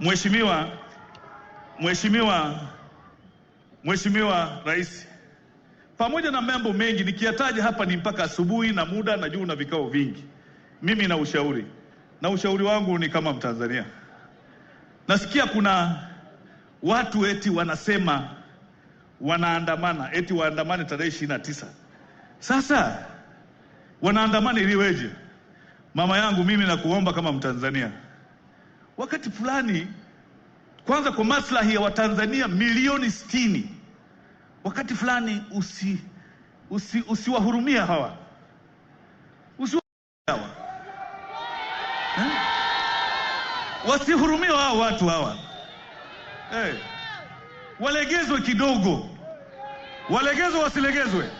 Mheshimiwa Mheshimiwa Mheshimiwa Rais, pamoja na mambo mengi nikiyataja hapa ni mpaka asubuhi na muda na juu na vikao vingi. Mimi na ushauri na ushauri wangu ni kama Mtanzania, nasikia kuna watu eti wanasema wanaandamana eti waandamane tarehe ishirini na tisa. Sasa wanaandamana iliweje? Mama yangu, mimi nakuomba kama Mtanzania wakati fulani, kwanza kwa maslahi ya Watanzania milioni sitini, wakati fulani usi usiwahurumia hawa usiwahurumia hawa eh? wasihurumiwa hawa watu hawa eh. Walegezwe kidogo, walegezwe wasilegezwe,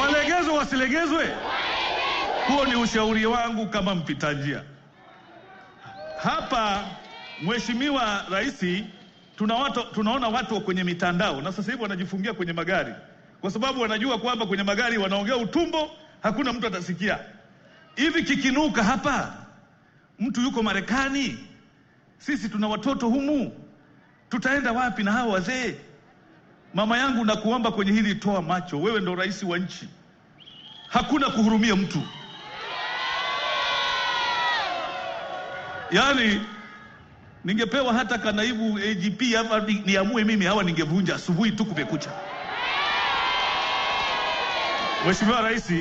walegezwe wasilegezwe. Huo ni ushauri wangu kama mpita njia. Hapa Mheshimiwa Rais, tuna watu, tunaona watu kwenye mitandao na sasa hivi wanajifungia kwenye magari kwa sababu wanajua kwamba kwenye magari wanaongea utumbo, hakuna mtu atasikia. Hivi kikinuka hapa, mtu yuko Marekani, sisi tuna watoto humu, tutaenda wapi na hawa wazee? Mama yangu, nakuomba kwenye hili, toa macho, wewe ndo rais wa nchi, hakuna kuhurumia mtu. Yaani ningepewa hata kanaibu AGP hapa niamue mimi hawa ningevunja asubuhi tu kumekucha. Mheshimiwa Rais,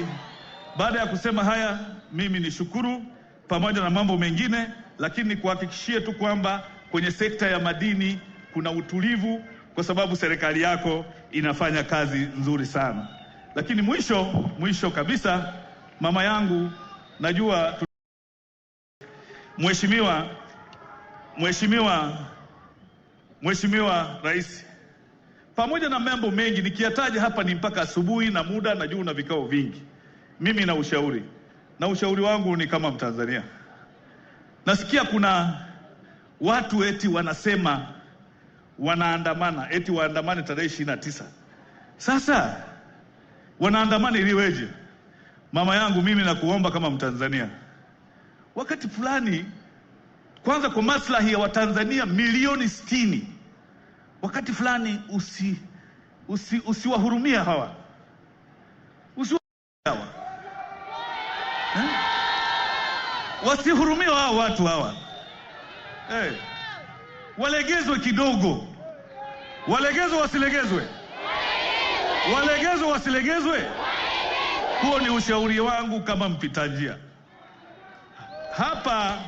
baada ya kusema haya, mimi ni shukuru pamoja na mambo mengine, lakini nikuhakikishie tu kwamba kwenye sekta ya madini kuna utulivu kwa sababu serikali yako inafanya kazi nzuri sana. Lakini mwisho mwisho kabisa, mama yangu, najua Mheshimiwa Mheshimiwa Mheshimiwa Rais, pamoja na mambo mengi nikiyataja hapa ni mpaka asubuhi na muda juu na vikao vingi. Mimi na ushauri na ushauri wangu ni kama Mtanzania, nasikia kuna watu eti wanasema wanaandamana eti waandamane tarehe ishirini na tisa. Sasa wanaandamana iliweje? Mama yangu, mimi nakuomba kama Mtanzania wakati fulani, kwanza kwa maslahi ya Watanzania milioni sitini, wakati fulani usiwahurumia usi, usi hawa usiwahurumia hawa eh? Wasihurumia hawa watu hawa eh. Walegezwe kidogo, walegezwe wasilegezwe, walegezwe wasilegezwe. Huo ni ushauri wangu kama mpita njia. Hapa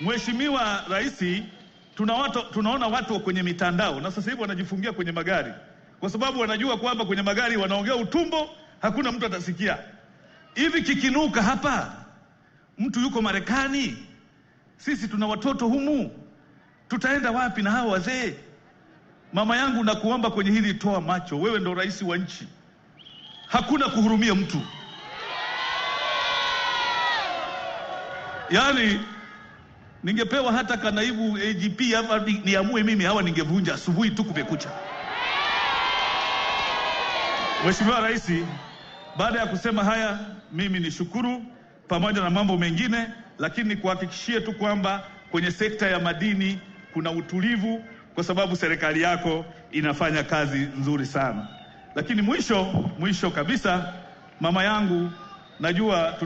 Mheshimiwa Rais, tuna watu, tunaona watu kwenye mitandao na sasa hivi wanajifungia kwenye magari kwa sababu wanajua kwamba kwenye magari wanaongea utumbo, hakuna mtu atasikia. Hivi kikinuka hapa, mtu yuko Marekani, sisi tuna watoto humu, tutaenda wapi na hawa wazee? Mama yangu, nakuomba kwenye hili, toa macho. Wewe ndo rais wa nchi, hakuna kuhurumia mtu. yani ningepewa hata kanaibu AGP hapa niamue mimi hawa ningevunja asubuhi tu kumekucha. Mheshimiwa Rais, baada ya kusema haya, mimi ni shukuru pamoja na mambo mengine, lakini nikuhakikishie tu kwamba kwenye sekta ya madini kuna utulivu kwa sababu serikali yako inafanya kazi nzuri sana. Lakini mwisho mwisho kabisa, mama yangu, najua